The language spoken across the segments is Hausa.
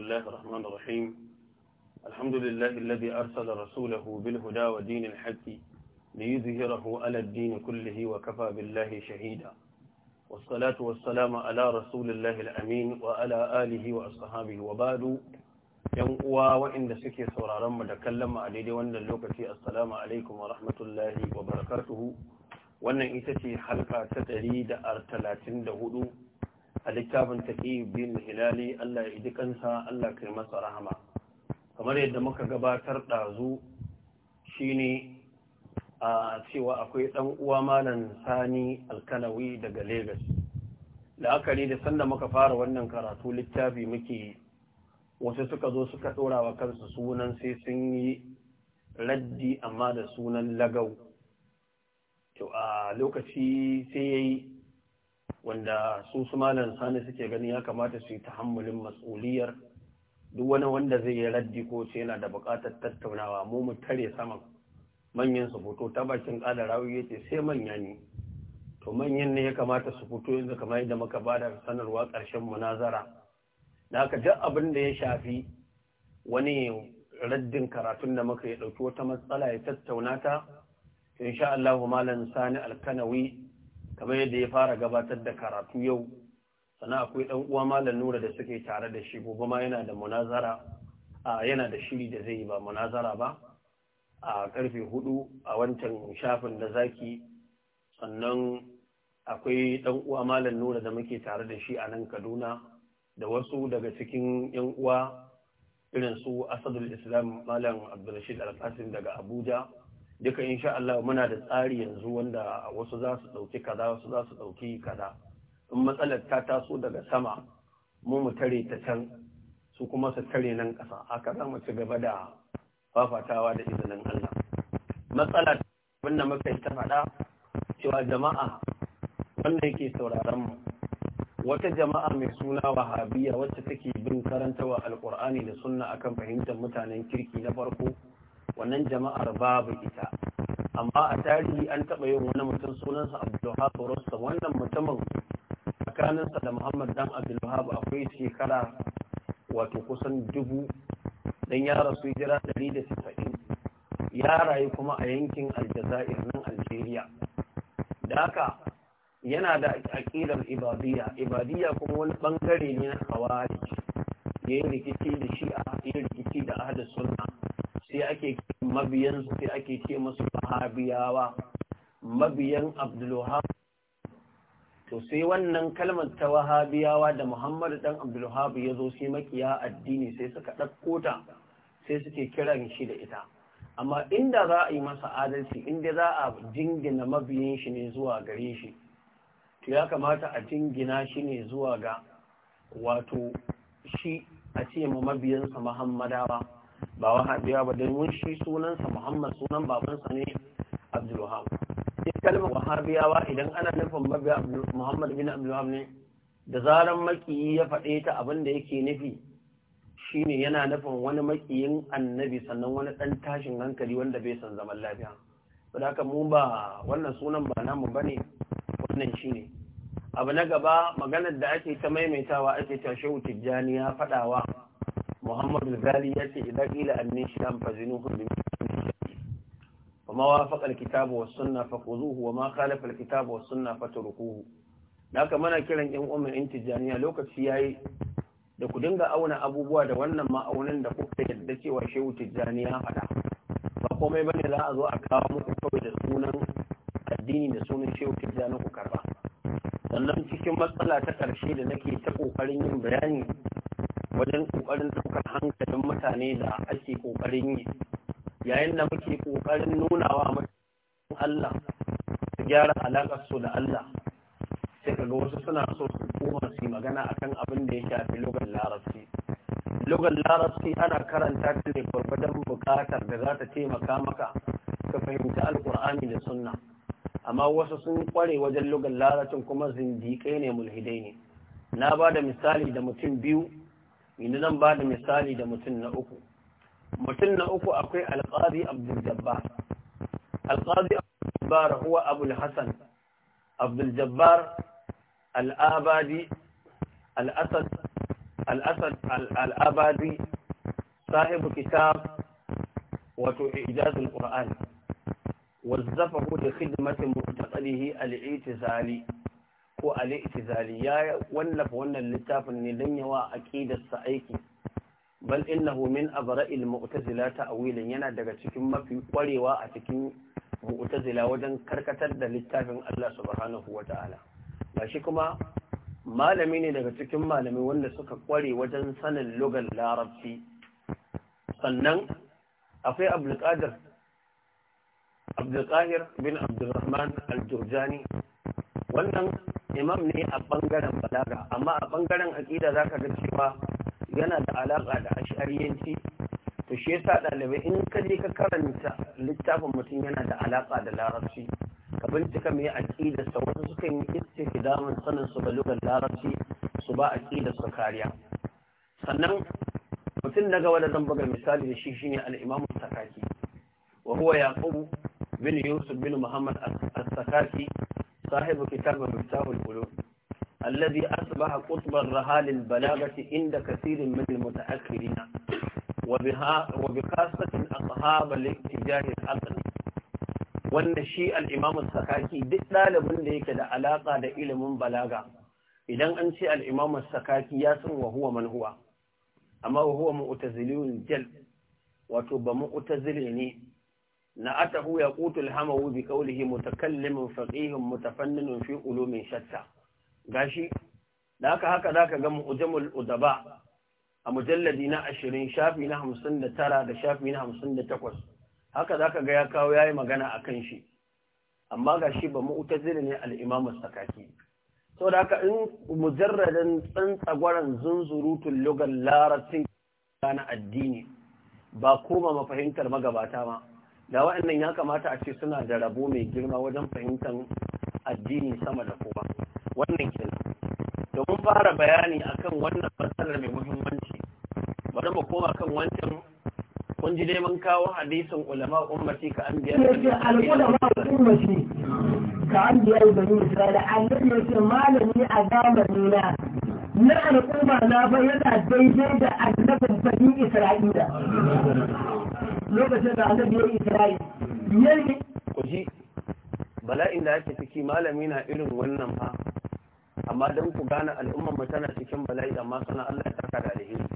بسم الله الرحمن الرحيم الحمد لله الذي أرسل رسوله بالهدى ودين الحق ليظهره على الدين كله وكفى بالله شهيدا والصلاة والسلام على رسول الله الأمين وعلى آله وأصحابه وبعد ينقوى وإن سكي سورارا متكلم عليه وأن اللوكة السلام عليكم ورحمة الله وبركاته وأن إتتي حلقة تتريد أرتلاتين دهدو a littafin taƙi bin hilali Allah ya ji kansa Allah kai masa rahama kamar yadda muka gabatar ɗazu shine a cewa akwai ɗan uwa malam sani alkanawi daga Legas. la'akari da sanda muka fara wannan karatu littafi muke wasu suka zo suka ɗora wa kansu sunan sai sun yi raddi amma da sunan lagau to a lokaci sai ya yi wanda su su malam sani suke gani ya kamata su yi tahammulin mas'uliyar duk wani wanda zai yi raddi ko ce yana da buƙatar tattaunawa mu mu tare saman manyan su fito ta bakin ƙada rawi ya ce sai manya ne to manyan ne ya kamata su fito yanzu kamar yadda muka ba da sanarwa ƙarshen munazara da haka duk abin da ya shafi wani raddin karatun da muka ya ɗauki wata matsala ya tattauna ta insha Allah malam sani alkanawi kamar yadda ya fara gabatar da karatu yau sannan akwai ɗan uwa malam nura da suke tare da shi gobe ma yana da munazara a yana da shiri da zai yi ba munazara ba a karfe hudu a wancan shafin da zaki sannan akwai ɗan uwa malam nura da muke tare da shi a nan kaduna da wasu daga cikin yan uwa irin su asadul islam malam abdulrashid alkasim daga abuja duka insha Allah muna da tsari yanzu wanda wasu za su ɗauki kaza wasu za su ɗauki kaza in matsalar ta taso daga sama mu mu tare ta can su kuma su tare nan ƙasa haka za mu ci gaba da fafatawa da izinin Allah matsala abin muka yi ta faɗa cewa jama'a wanda yake sauraron mu wata jama'a mai suna wahabiya wacce take bin karantawa alƙur'ani da sunna akan fahimtar mutanen kirki na farko wannan jama'ar babu ita amma a tarihi an taɓa yin wani mutum sunansa abdulhab rosta wannan mutumin tsakaninsa da muhammad dan abdulhab akwai shekara wato kusan dubu dan ya rasu hijira 190 ya rayu kuma a yankin aljazair nan algeria da haka yana da aƙidar ibadiyya ibadiyya kuma wani bangare ne na kawari ya yi rikici da shi'a ya yi rikici da ahadar sunna mabiyan su sai ake ce masu wahabiyawa mabiyan abdulwahab to sai wannan kalmar ta wahabiyawa da muhammadu dan abdulwahab ya zo sai makiya addini sai suka ɗauko ta sai suke kiran shi da ita amma inda za a yi masa adalci inda za a jingina mabiyan shi ne zuwa gare shi to ya kamata a jingina shi ne zuwa ga wato shi a ce ma mabiyansa muhammadawa ba wahabiya ba don shi sunansa muhammad sunan babansa ne abdulwahab sai kalmar wahabiyawa idan ana nufin mabiya muhammad bin abdulwahab ne da zaran makiyi ya faɗe ta abin da yake nufi shine yana nufin wani makiyin annabi sannan wani ɗan tashin hankali wanda bai san zaman lafiya saboda haka mu ba wannan sunan ba namu bane wannan shine abu na gaba maganar da ake ta maimaitawa ake ta shehu tijjani ya faɗawa محمد الغالي يأتي إذا قيل أني شام فزنوه وما وافق الكتاب والسنة فخذوه وما خالف الكتاب والسنة فتركوه لك منا كلا إن أم أنت جانية لوك سياي da ku dinga auna abubuwa da wannan ma'aunin da kuka yadda cewa shehu Tijjaniya ya ba komai bane za a zo a kawo muku kawai da sunan addini da sunan shehu tijjani ku karba sannan cikin matsala ta ƙarshe da nake ta ƙoƙarin yin bayani wajen ƙoƙarin ɗaukar hankalin mutane da ake ƙoƙarin yi yayin da muke ƙoƙarin nunawa mutane Allah su gyara alaƙar su da Allah sai kaga wasu suna so su koma su magana akan abin da ya shafi lugar larabci lugar larabci ana karanta ta ne gwargwadon buƙatar da za ta taimaka maka ka fahimci alƙur'ani da sunna amma wasu sun kware wajen lugar larabcin kuma zindiƙai ne mulhidai ne na ba da misali da mutum biyu yanzu zan ba da misali da mutum na uku mutum na uku akwai alƙazi abdul-jabbar alƙazi abdul-jabbar huwa abul-hassan abdul-jabbar al'abadi al'asad al'asad al'abadi sahibu kitab wato ijazul qur'an wazzafahu li khidmati mu'taqalihi al-i'tizali ko Ali itizali ya wallafa wannan littafin ne dan yawa aqidarsa aiki bal innahu min abra'il mu'tazila ta'wilan yana daga cikin mafi ƙwarewa a cikin mu'tazila wajen karkatar da littafin Allah subhanahu wata'ala gashi kuma malami ne daga cikin malami wanda suka kware wajen sanin lugar larabci sannan akwai abdulkadir abdulkahir bin abdulrahman al-jurjani wannan imam ne a bangaren balaga amma a bangaren aƙida za ka ga cewa yana da alaƙa da ashariyanci to shi yasa ɗalibai in ka je ka karanta littafin mutum yana da alaƙa da larabci ka bincika mai aƙida sa wasu suka yi istihdamin sanin su da lugar larabci su ba aƙida su kariya sannan mutum na gaba da zan buga misali da shi shine al-Imam Sakaki wa huwa Yaqub bin Yusuf bin Muhammad as-Sakaki صاحب كتاب مفتاح القلوب الذي أصبح قطب الرهال البلاغة عند كثير من المتأخرين وبها وبخاصة أصحاب الاتجاه العقلي wannan shi al'imamun sakaki duk ɗalibin da yake da alaƙa da ilimin balaga idan an ce al'imamun sakaki ya san wahuwa manhuwa amma wahuwa ma'utaziliyun jal wato ba ne Na ya yaqutul hamawu bi kaulihi mutakallimin faqihun mutafanninun fi ulumin shatta gashi da haka haka zaka ga mu'jamul udaba a mujalladi na 20 shafi na 59 da shafi na 58 haka zaka ga ya kawo yayi magana akan shi amma gashi ba mu'tazili ne al-imam as-sakaki da haka in mujarradan tsantsagwaran zunzurutul lugal laratin kana addini ba koma mafahimtar magabata ma ga waɗannan ya kamata a ce suna da rabo mai girma wajen fahimtar addini sama da kowa wannan kenan domin fara bayani akan wannan matsalar mai muhimmanci bari mu koma kan wancan kun ji neman mun kawo hadisin ulama ummati ka an biya ne al-ulama ummati ka an biya bani isra'ila annabi ya ce malami a zamani na na al'umma na ba yana daidai da annabin bani isra'ila lokacin da annabi ya isra'i yayi ku ji bala'in da ake ciki malami na irin wannan fa amma don ku gane al'ummar mu tana cikin bala'i amma sana Allah ya saka da alheri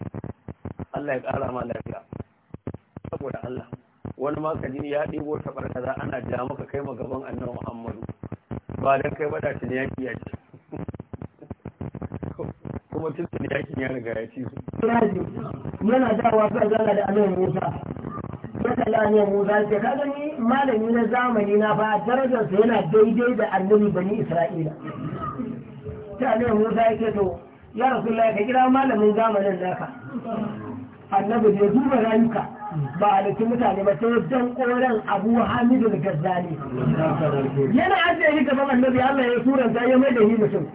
Allah ya ƙara ma lafiya saboda Allah wani ma ka ya ɗebo ta barkaza ana ja maka kai gaban annabi Muhammadu ba dan kai ba da tun yaki ya ci kuma tun yakin ya riga ya ci su yana da ka zana da annabi Musa suka lani Musa ce malami na zamani na fa darajarsa yana daidai da annabi bani Isra'ila ta ne Musa yake to ya Rasulullahi ka kira malamin zamanin naka annabi ne duba rayuka ba halittun mutane ba ta wajen koren Abu Hamidu da Gazzali yana ajiye shi gaban annabi Allah ya suran ta ya mai da shi mutum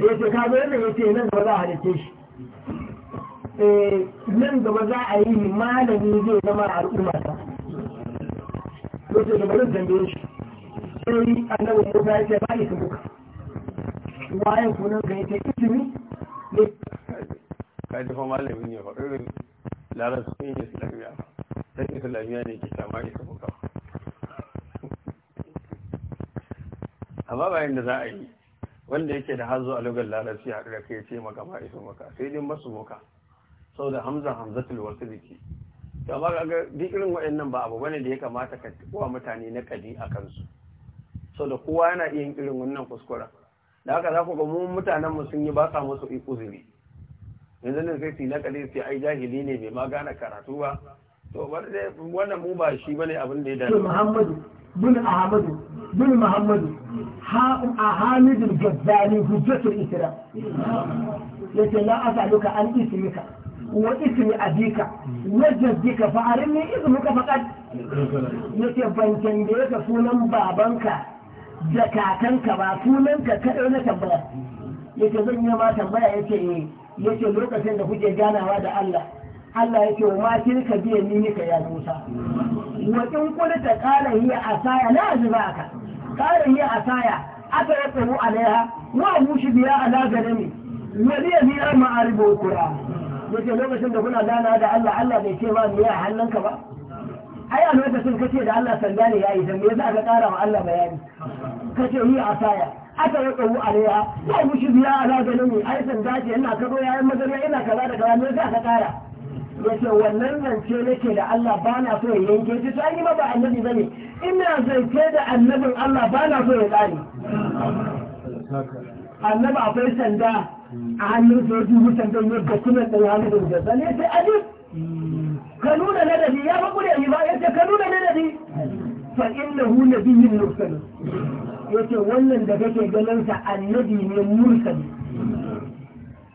ya ce ka zo yadda ya ce nan gaba za a halitte shi Eh, nan gaba za a yi malami zai zama al'umma ta lokacin da bari zambe shi sai annabi Musa ya ce ba ni ka buka wayan kunan ka yake izini ne ka ji fa malami ne faɗin larabcin islamiyya dan lafiya ne ke sama ya buka amma bayan da za a yi wanda yake da hazo a lugar larabci a da kai ce maka ma maka sai dai masu maka. sau da hamza hamzatul wasili ce amma ga dikirin irin waɗannan ba abu bane da ya kamata ka wa mutane na kadi a kansu da kowa yana iya irin wannan kuskura da haka za ku ga mu mutanen mu sun yi ba sa musu uzuri yanzu ne sai su na kadi sai ai jahili ne bai ma gane karatu ba to wannan mu ba shi bane abin da ya dace Muhammadu bin Ahmadu bin Muhammadu ha ahamidul gazzali hujjatul isra yace la as'aluka an ismika Wa ismi a bika, wajen bika fa'admin izini kafa ƙasa. Ya ce ban dande ka sunan baban ka da kakan ka ba, sunan ka kaɗai na tambaya. Ya ce zan ma tambaya ya ke ni, eh. ya ce lokacin da ku ke da Allah. Allah ya ce wa ma kirka biyan ni mika ta ƙara hira a saya na zuba ka, ƙara a saya, a taya tsaro a daina, mu bushe biya a na gada ne. Na biya miyar mu yace lokacin da kuna gana da Allah Allah bai ce ma me ya hannunka ba ai a lokacin kace da Allah sanda ne yayi dan me yasa ka kara wa Allah bayani kace yi asaya aka yi tsawo a rewa ya mushi biya a zaganin ne ai sanda ce ina kazo yayin magana ina kaza da kaza me yasa aka kara yace wannan zance nake da Allah bana na so ya yanke shi sai ma ba annabi bane ina zance da annabin Allah bana na so ya tsani annabi akwai sanda a hannun su ya dubu tantan ya dokunan da ya da gasa ne sai ajib ka da ladabi ya fa kure ba ya ce ka ladabi fa innahu nabiyyun mursal yace wannan da kake ganin sa annabi ne mursal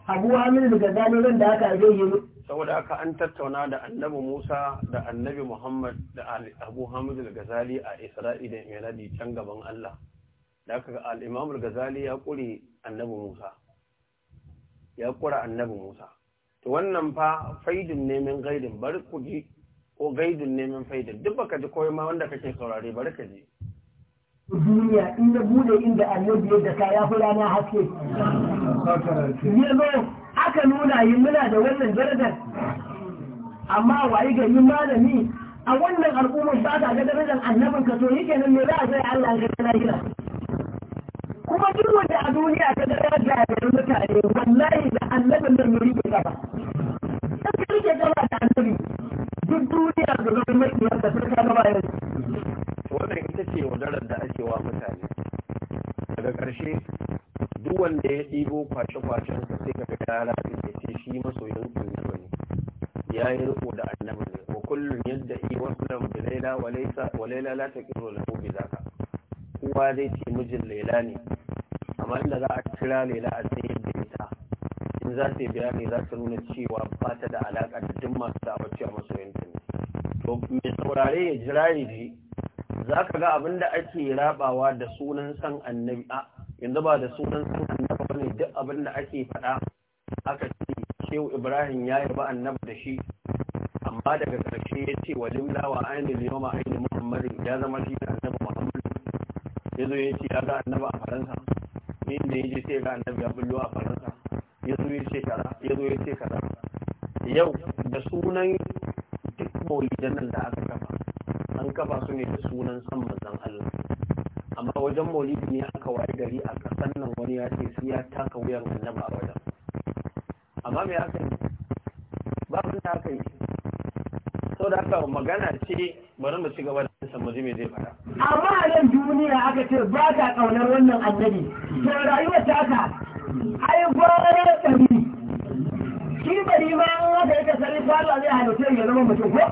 abu amin daga zaliran da aka zai yi saboda aka an tattauna da annabi Musa da annabi Muhammad da Abu Hamid al-Ghazali a Isra'ila da Miradi can gaban Allah da aka ga al-Imam al-Ghazali ya kure annabi Musa ya kura annabi Musa to wannan fa faidin neman gaidin bari ku ji ko gaidin neman faidin duk baka ji koyi ma wanda kake saurare bari ka ji duniya inda bude inda annabi ya daka ya fi rana haske yano aka nuna yi muna da wannan darajar amma wayi gari malami a wannan al'ummar ba ta ga darajar annabin ka to yake nan me za a sai Allah ya ga lahira kuma duk wanda a duniya ta ga jayen mutane wallahi da annabin da yuri ke gaba ta ka rike gaba da annabi duk duniya ga zama mai da ta ka gaba yau wannan ita ce wadarar da ake wa mutane daga ƙarshe duk wanda ya ɗibo kwashe-kwashen ka sai ka ga yara da ce shi masoyin annabi ne ya yi riko da annabi ne wa kullum yadda iya wasu lam bilaila walaila la taqiru lahu bi zaka kowa zai ce mijin laila ne amma inda za a kira laila a tsaye da ita in za ta yi bayani za ta nuna cewa ba ta da alaƙa da duk masu da'awar cewa masoyanta ne to mai saurare ya jira ya ji za ka ga abin da ake rabawa da sunan san annabi a yanzu ba da sunan san annabi ba ne duk abin da ake faɗa aka ce shehu ibrahim ya ba annabi da shi amma daga ƙarshe ya ce wa limla wa ainihin yawma ainihin muhammadin ya zama shi da annabi ya zo ya ce ya ga annabi a faransa inda ya je sai ga annabi ya bullo a faransa ya zo ya ce kaza ya zo ya ce kaza yau da sunan duk maulidan nan da aka kafa an kafa su ne da sunan san manzon Allah amma wajen maulidi ne aka waye gari a kasan nan wani ya ce sai ya taka wuyan annabi a wajen amma me aka yi ba abin da aka yi sau da haka magana ce bari mu ci gaba da san mu ji me zai fara amma a nan duniya aka ce ba ta kaunar wannan annabi to rayuwar ta ka ai da tsari shi bari ma an wata yake sarri fara zai halitta ya zama mutum ko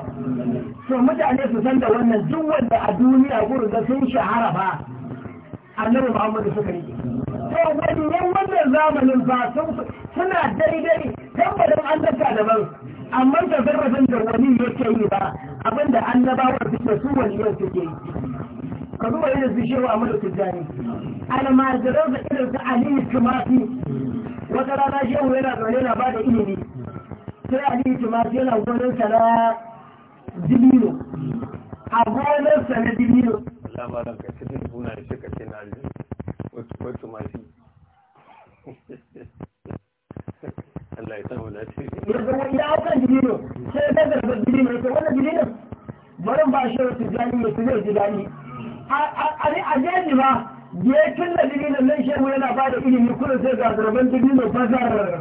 to mutane su san da wannan duk wanda a duniya gurin da sun shahara ba annabi Muhammadu suka yi to wannan wannan zamanin ba sun suna daidai tabbatin an daga daban amma da zarrafin da wani yake yi ba abinda annabawa suke su wani yau suke yi ka zuba irin su shewa a mulkin jani almajirar da irin su aliyu tumafi wata rana shehu yana zaune na bada ilimi sai aliyu tumafi yana gonar sa na dibino a gonar sa na dibino labaran ka cikin buna shi ka ce na wasu masu ya zama ya kan dibino sai ya gaza da dibino ya ce wannan dibino barin ba shi wasu jani ne su zai ji dani a a a jani ma ya yi tun da dibino nan shehu yana ba da ilimi kuma sai ga zarban dibino fasar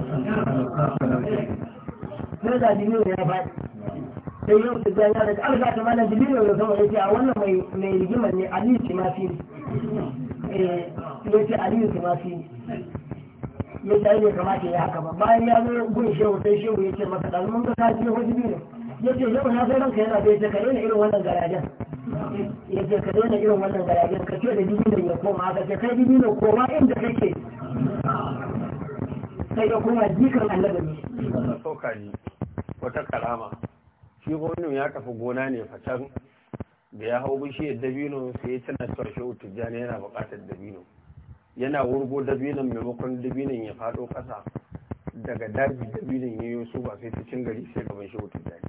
sai ga dibino ya faɗi sai yau su jani da alga ta malam dibino ya zama ya ce a wannan mai rigimar ne aliyu ce ma fi ne ya ce aliyu ce ma fi ya ta bai kamata ya haka ba bayan ya zo gun shehu sai shehu ya ce masa ɗan mun ga ka je wajibi ne ya ce shehu na sai ranka yana bai ce ka daina irin wannan garajen ya ce ka daina irin wannan garajen ka ce da bibi ya koma ka ce kai bibi ne koma inda kake sai ya koma jikan annabi ne saukari wata karama shi gwamnan ya tafi gona ne fatan da ya hau bishiyar dabino sai ya tana cewa shehu tijjani yana buƙatar dabino yana wurgo dabinin maimakon dabinin ya fado ƙasa daga daji dabinin ya yi su ba sai ta cin gari sai gaban shehu tijjani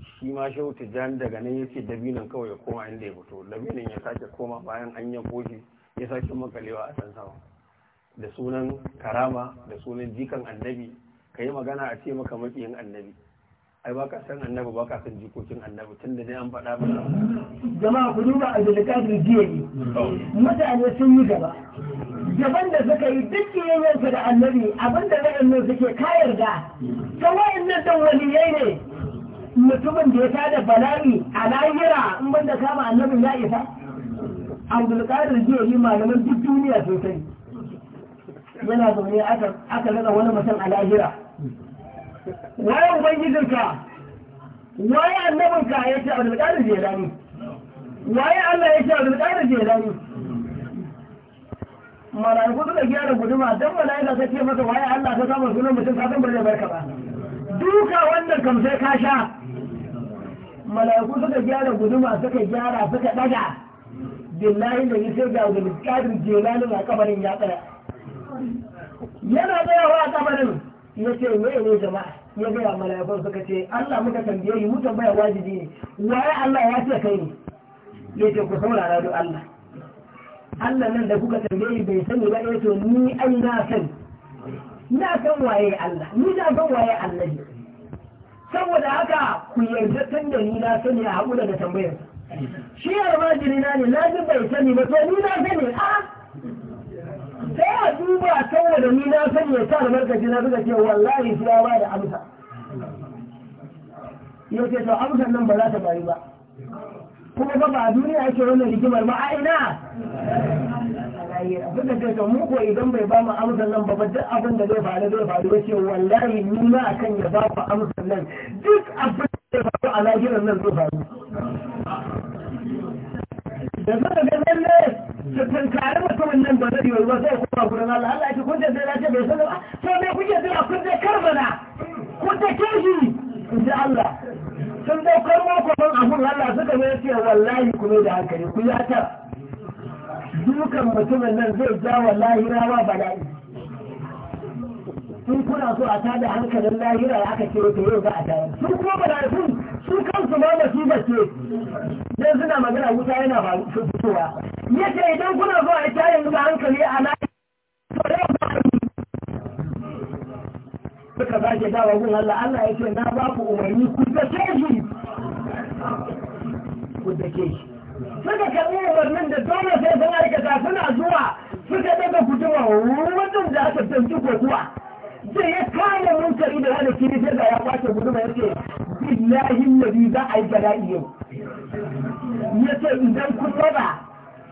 shi ma shehu tijjani daga nan ya ce dabinin kawai ya koma inda ya fito dabinin ya sake koma bayan an yi koshi ya sake makalewa a sansawa sama da sunan karama da sunan jikan annabi ka yi magana a ce maka makiyin annabi ai ba ka san annabi ba ka san jikokin annabi tun da dai an faɗa ba jama'a ku duba a jiya ne mutane sun yi gaba gaban da suka yi duk kiyayensu da annabi abinda ra'ayin suke kayar da. ta wa'annan dan waliyai ne mutumin da ya tada bala'i a lahira in banda kama annabin ya isa abdulkadir jiyani malaman duk duniya sosai yana zaune aka rana wani mutum a lahira waye ubangijinka waye annabinka ya ce abu da je dani waye Allah ya ce abu da je dani malaiku suka gyara da guduma dan malaika ta ce masa waye Allah ta samu sunan mutum ka san bari da barka ba duka wannan kam sai ka sha malaiku suka gyara da guduma suka gyara suka daga billahi da yake ga da kadir jelani na kabarin ya tsaya yana tsayawa a kabarin ya ce me ne jama'a ya gaya mala'ikun suka ce Allah muka tambaye yi mutan baya wajibi ne waye Allah ya ce kai ne ya ce ku saurara da Allah Allah nan da kuka tambaye bai sani ba ya to ni ai na san na san waye Allah ni na san waye Allah ne saboda haka ku yarda tun da ni na sani a haƙura da tambayar shi almajiri na ne na ji bai sani ba to ni na sani a ah! sai a duba a kan da ni na sani ya sa albarkaci na suka ce wallahi shi ya ba amsa ya ce to amsar nan ba za ta bayu ba kuma ba a duniya ake wannan hikimar ma a ina suka ce to mu idan bai ba mu amsar nan ba duk abin da zai faru zai faru ya ce wallahi ni ma akan ya ba mu amsar nan duk abin da zai faru a lahirar nan zai faru da suka ga lalle su tunkari mutumin nan ba zai yiwu ba zai kuma gurin Allah Allah ya ce kun je sai na ce bai sanar ba to me kuke jira kun je karbana kun je keji in ji Allah sun daukar makon abun Allah suka ne ce wallahi kuma ne da hankali ku ya ta dukan mutumin nan zai ja wallahi rawa bala'i sun kuna so a tada hankalin lahira ya aka ce ta yau za a tayar su kuma bala'ikun su kansu ma ba ce dan suna magana wuta yana ba su fitowa yace idan kuna so a tayar da hankali a lahira to yau ba suka sake dawa gun Allah Allah ya ce na ba ku umarni ku ta lillahi za a yi bala'i yau ya ce idan ku raba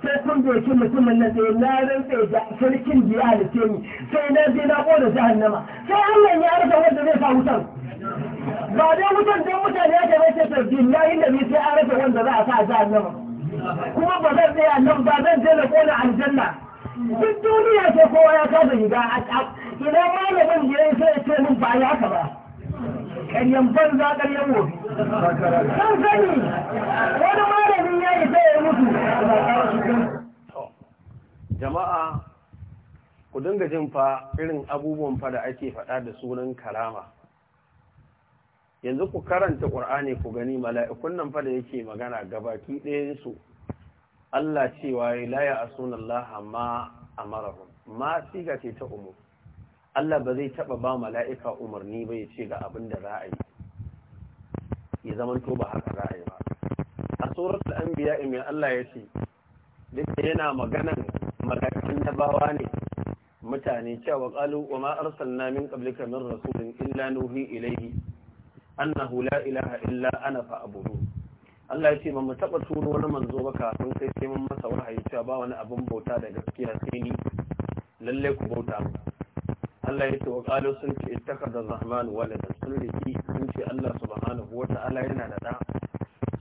sai kun doki mutumin nan sai na rantse da sarkin da ce ni sai na je na ƙona jahannama sai Allah ya rasa wanda zai sa wutan ba dai wutan dan mutane ya kai sai to billahi sai an rasa wanda za a sa jahannama kuma ba zan tsaya nan ba zan je na kona aljanna duk duniya sai kowa ya ga shiga ina malamin ya sai ya ce min ba ya ka ba ƙaryan banza ƙaryan wofi sun sani wani malamin ya sai ya mutu jama'a ku dinga jin fa irin abubuwan fa da ake faɗa da sunan karama yanzu ku karanta ƙur'ani ku gani mala'ikun nan fa da yake magana gabaki su Allah cewa la ya sunan Allah ma amarahum ma siga ce ta umur Allah ba zai taɓa ba mala'ika umarni ba ya ce ga abin da za a yi, ya zamanto ba haka za a yi ba. A tsoron an biya imi, Allah ya ce, duk da yana maganan mala'ikan nabawa ne mutane cewa ƙalu wa ma'arsal namin ƙablika min rasulun illa nuhi ilaihi annahu hula ilaha illa ana fa abudu. Allah ya ce ba mu taɓa turo wani manzo ba kafin sai sai mun masa wahayi cewa ba wani abin bauta da gaskiya sai ni lallai ku bauta mu. Allah ya ce wa qalu sun ce da zahman wale da sun riki sun ce Allah subhanahu wa ta'ala yana da da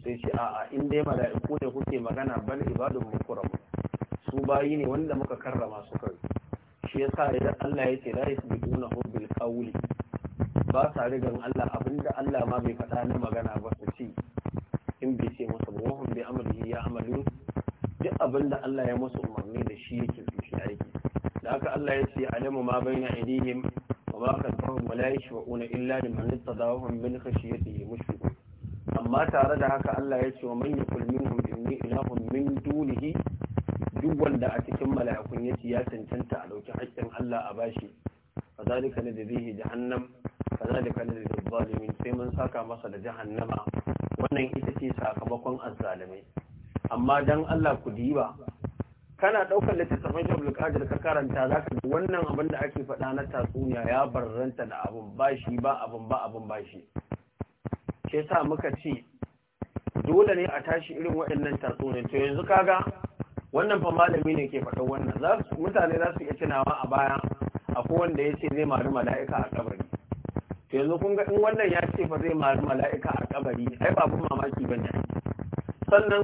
sai ce a'a in dai mala'iku ne kuke magana bal ibadun mukarram su bayi ne wanda muka karrama su kai shi yasa idan Allah ya ce la yasbiduna bil qawli ba sa rigan Allah abinda Allah ma bai faɗa na magana ba su ce in bai ce musu ba wahum bi amrihi ya amalu duk abinda Allah ya musu umarni da shi yake su shi aiki da haka Allah ya ce alamu ma bayna aidihim wa ma khalfahum wa la yashfa'una illa liman kashi min khashyatihi mushfiqun amma tare da haka Allah ya ce wa manya yakul minhum ina ilahun min dunihi duk wanda a cikin mala'ikun yace ya cancanta a dauki haƙƙin Allah a bashi fadalika nadhihi jahannam fadalika nadhihi zalimin sai mun saka masa da jahannama wannan ita ce sakamakon azzalimai amma dan Allah ku diba kana ɗaukar littattafan shi bulƙadir ka karanta za ka wannan abin da ake faɗa na tatsuniya ya barranta da abin ba shi ba abin ba abin ba shi ke sa muka ce dole ne a tashi irin waɗannan tatsuniya to yanzu kaga wannan fa malami ne ke faɗin wannan mutane za su iya cinawa a baya akwai wanda ya ce zai mari mala'ika a kabari to yanzu kun ga in wannan ya ce fa zai mari mala'ika a kabari ai babu mamaki ba ne sannan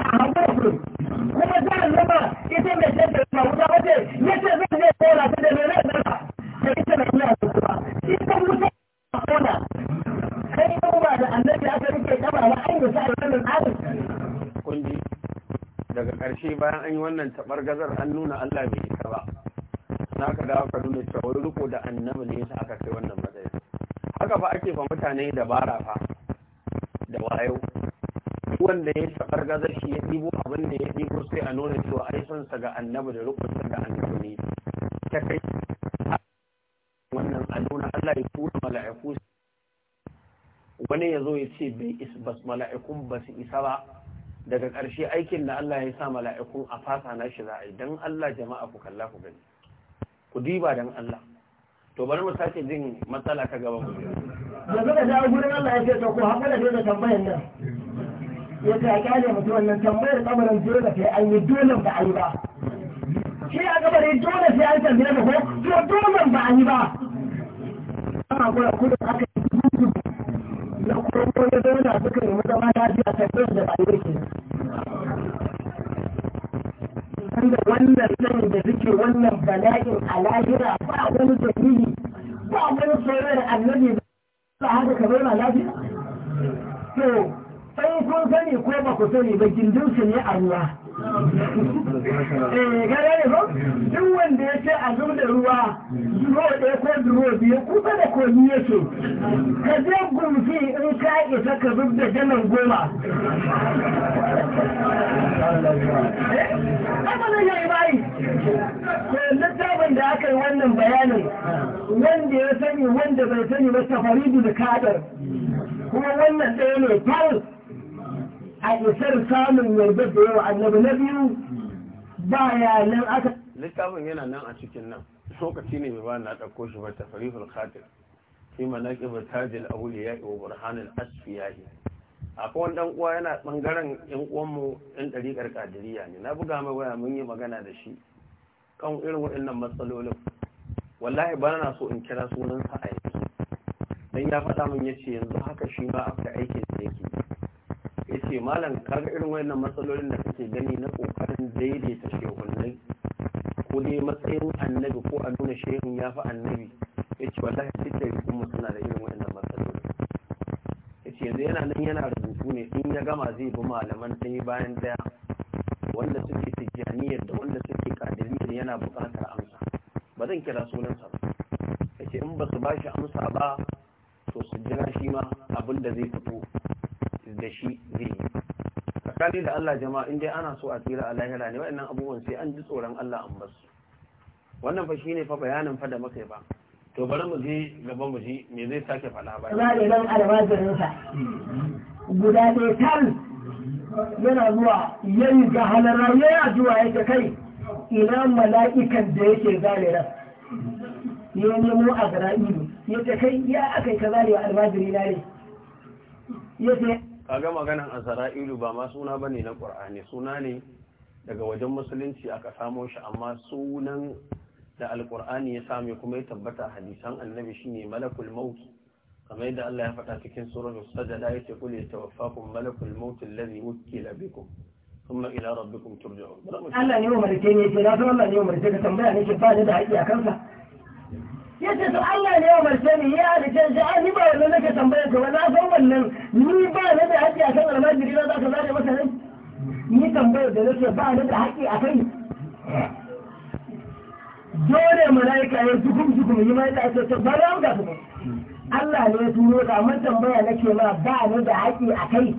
bayan an yi wannan gazar, an nuna Allah mai isa ba na ka dawo ka nuna cewa wani riko da annabi ne yasa aka kai wannan matsayi haka fa ake fa mutane dabara fa da wayo wanda ya gazar shi ya ɗibo abin da ya ɗibo sai a nuna cewa ai son sa ga annabi da riko da annabi ne ta kai wannan a nuna Allah ya tura mala'iku wani ya zo ya ce bai is bas mala'ikun ba su isa ba daga ƙarshe aikin da Allah ya sa mala'ikun a fasa na shi za'a don Allah jama'a ku kalla ku gani ku diba don Allah to bari mu sake jin matsala ka gaba ku. yanzu da dawo gurin Allah ya ce to ku hakala da tambayar nan ya ta kyale mutum wannan tambayar kamarin da sai an yi dole ba a yi ba shi a yi dole sai an tambaye ba ko to dole ba a yi ba amma kuma kudin aka farko ya zauna suka nemi zama lafiya kan yin da rayuwar ke wanda wannan nan da suke wannan bala'in a lahira ba wani dalili ba wani tsoron annabi ba haka ka zauna lafiya to sai kun sani ko ba ku sani ba gindinsu ne a ruwa Eh, gare ne duk wanda ya ce a zub da ruwa duro ɗaya ko duro biyu kusa da komi ya ce ka je gumfi in ka isa ka zub da jaman goma eh, abin da ya bayi littafin da aka yi wannan bayanin wanda ya sani wanda bai sani ba safaridu da kadar kuma wannan ɗaya ne fal a isar samun yarda da yawa annabi na biyu ba ya nan aka littafin yana nan a cikin nan lokaci ne mai ba na ɗauko shi ba ta farihul khatir fi manaqib tajil awliya wa burhanin asfiyahi akwai wani ɗan uwa yana bangaren yan uwanmu yan ɗariƙar kadiriya ne na buga mai waya mun yi magana da shi kan irin waɗannan matsalolin wallahi ba na so in kira sunansa a yanzu dan ya faɗa min ya yace yanzu haka shi ma ka aikin da yake ce malam kaga irin wayannan matsalolin da kake gani na kokarin daidaita shehunai ko dai matsayin annabi ko a nuna shehun ya fi annabi ya ce wallahi suke kuma suna da irin wayannan matsalolin ya ce yanzu yana nan yana rubutu ne in ya gama zai bi malaman ɗaya bayan ɗaya wanda suke tijjaniyar da wanda suke kadiriyar yana buƙatar amsa ba zan kira sunansa ba ya ce in ba su ba shi amsa ba to su jira shi ma abin da zai fito da shi zai yi tsakani da Allah jama'a in dai ana so a tsira a lahira ne waɗannan abubuwan sai an ji tsoron Allah an basu wannan fa shine fa bayanin fa da muka yi ba to bari mu je gaban mu ji me zai sake faɗa ba ba da nan almajirinsa guda ne tal yana zuwa yayi ga halarra yana zuwa yake kai ina mala'ikan da yake zalira ran ya nemo a gara'ilu ya ce kai ya aka yi kaza ne wa almajiri na ne ya ce a ga maganin azra'ilu ba ma suna ba ne na qur'ani suna ne daga wajen musulunci aka samo shi amma sunan da alqur'ani ya same kuma ya tabbata hadisan annabi shine malakul maut kamar yadda Allah ya faɗa cikin suratul sajda ta kul kun malakul maut alladhi wukkila bikum ثم الى ربكم ترجعون Allah ne umarce ne ce na san Allah ne umarce ka tambaya ne ke ba ni da haƙi a kansa yace to Allah ne umarce ni ya da ce ba ni da haƙƙi a kai dole mala'ika ya zukum zukum yi mala'ika ce to ba ya ga su Allah ne ya turo ka amma tambaya nake ma ba ni da haƙƙi a kai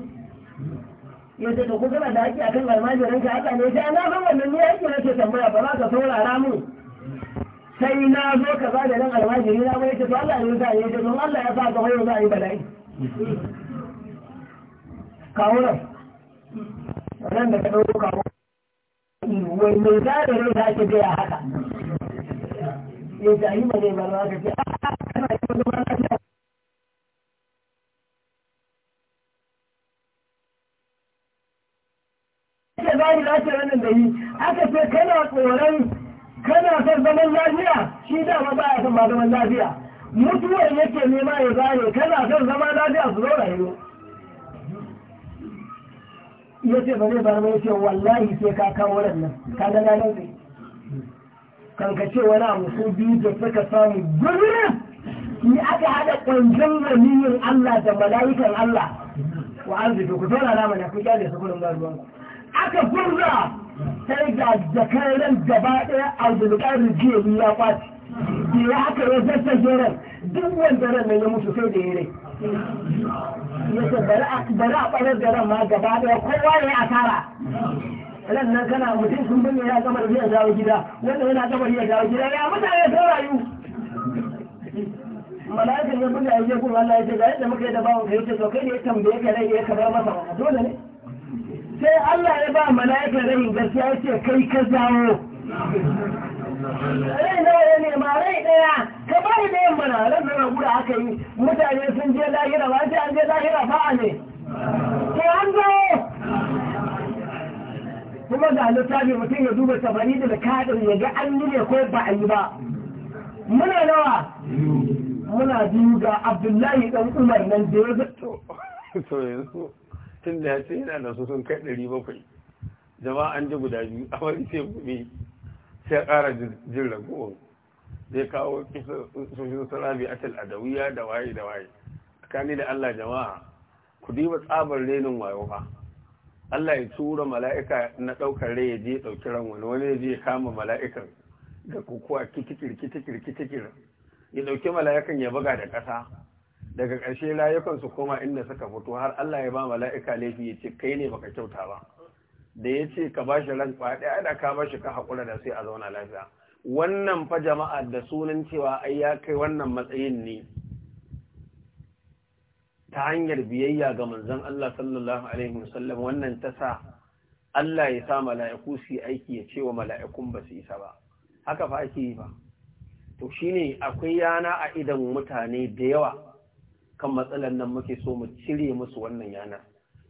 ya ce to ko da haƙƙi a kan almajirin ka haka ne sai na san wannan ne haƙƙi nake tambaya ba za ka saurara mu sai na zo ka ba da nan almajiri na mai ce to Allah ne ya sa ya ce don Allah ya sa ka wai za a yi bala'i kawo nan nan da ka kawo wai mai zaɓe ne za ki biya haka yadda yi ba zai bar ka ce a ah, ah, kana yi wani wani lafiya da zai lafiya wannan da yi aka ce kana tsoron kana son zaman lafiya shi dama ba ya son ba zaman lafiya mutuwar yake nema ya zane. kana son zaman lafiya su zo yi. ya ce ba zai bar mai ce wallahi sai ka kawo nan ka ga na nan kan ka ce wani abu su biyu da suka samu gudunar ni aka haɗa ƙwanjin waliyin Allah da mala'ikan Allah wa arziki ku tona na mana ku kyale su kullum ba ku aka furza sai ga zakaran gaba a abdulkadir jiya ya kwaci ya haka yi zasta jiran duk wanda ran nan ya mutu sai da ya rai yace bari a ɓarar da ran ma gaba ɗaya kowa ne a tara ran nan kana mutum sun bin ya gama da ya dawo gida wanda yana gama ya dawo gida ya mutane sun rayu mala'ikan ya bin ya je kuma Allah ya ce ga yadda muka yi da bawon ka yace to kai ne ya tambaye ka rai ya kabar masa dole ne sai Allah ya ba mala'ikan rai gaskiya ya ce kai ka jawo rai nawa ya nema rai ɗaya ka da yin mana ran da rabu da aka yi mutane sun je lahira ba ce an je lahira ba a ne to an zo kuma ga littafi mutum ya duba tabari da kaɗin ya ga an yi ne ko ba a yi ba muna nawa muna biyu ga abdullahi dan umar nan da ya zato to yanzu tun da ya ce yana da su sun kai ɗari bakwai jama'an an ji guda biyu a wani sai buɗe sai ƙara jin ragowar zai kawo kisoshin a a adawiya da waye da waye tsakani da Allah jama'a ku diba tsabar renin wayo ba Allah ya tura mala'ika na ɗaukar rai ya je ɗauki ran wani wani ya je kama mala'ikan da kukuwa kitikir kitikir kitikir ya ɗauki mala'ikan ya buga da ƙasa daga ƙarshe rayukan su koma inda suka fito har Allah ya ba mala'ika laifi ya ce kai ne baka kyauta ba da ya ce ka ba shi ran kwaɗe ana ka ba shi ka haƙura da sai a zauna lafiya wannan fa jama'a da sunan cewa ai ya kai wannan matsayin ne ta hanyar biyayya ga manzon Allah sallallahu alaihi wasallam wannan ta sa Allah ya sa mala'iku su aiki ya ce wa mala'ikun ba su isa ba haka fa ake yi ba to shine akwai yana a idan mutane da yawa kan matsalar nan muke so mu cire musu wannan yana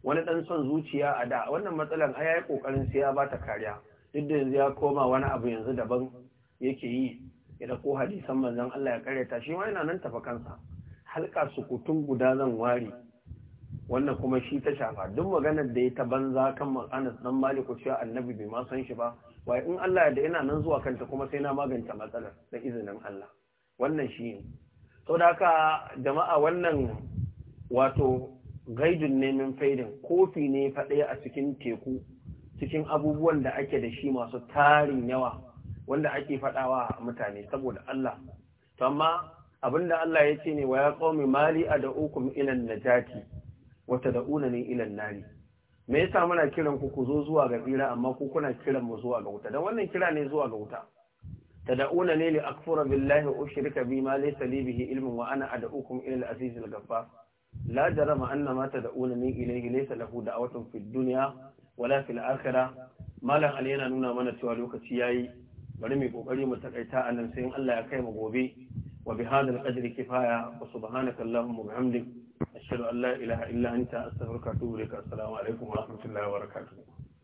wani dan son zuciya a da wannan matsalar ai yayi kokarin sai ya ta kariya duk da yanzu ya koma wani abu yanzu daban yake yi ya ko hadisan manzon Allah ya karyata shi ma yana nan tafa kansa halka sukutun guda zan ware wannan kuma shi ta shafa duk maganar da ya ta banza kan Anas dan ko cewa annabi bai ma san shi ba wai in Allah da ina nan zuwa kanta kuma sai na magance matsalar da izinin Allah wannan shi ne da haka jama'a wannan wato gaidun neman faidin kofi ne faɗaya a cikin teku cikin abubuwan da ake da shi masu tarin yawa wanda ake faɗawa mutane saboda Allah to amma abinda Allah ya ce ne wa ya qaumi mali ad'ukum ila najati wa tad'unani ila nari me yasa muna kiran ku ku zo zuwa ga tsira amma ku kuna kiran mu zuwa ga wuta dan wannan kira ne zuwa ga wuta tad'unani li akfura billahi wa ushrika bima laysa li bihi ilmun wa ana ad'ukum ila al-aziz al-ghaffar لا جرم أن ما تدعونني إليه ليس له دعوة في الدنيا ولا في الآخرة ما لن علينا نونا من التوالوك سياي bari mu kokari mu takaita a nan sai in Allah ya kai mu gobe wa bi hadal ajri kifaya wa subhanaka allahumma wa bihamdik ashhadu an la ilaha illa anta astaghfiruka wa atubu ilaik assalamu alaikum wa rahmatullahi wa barakatuh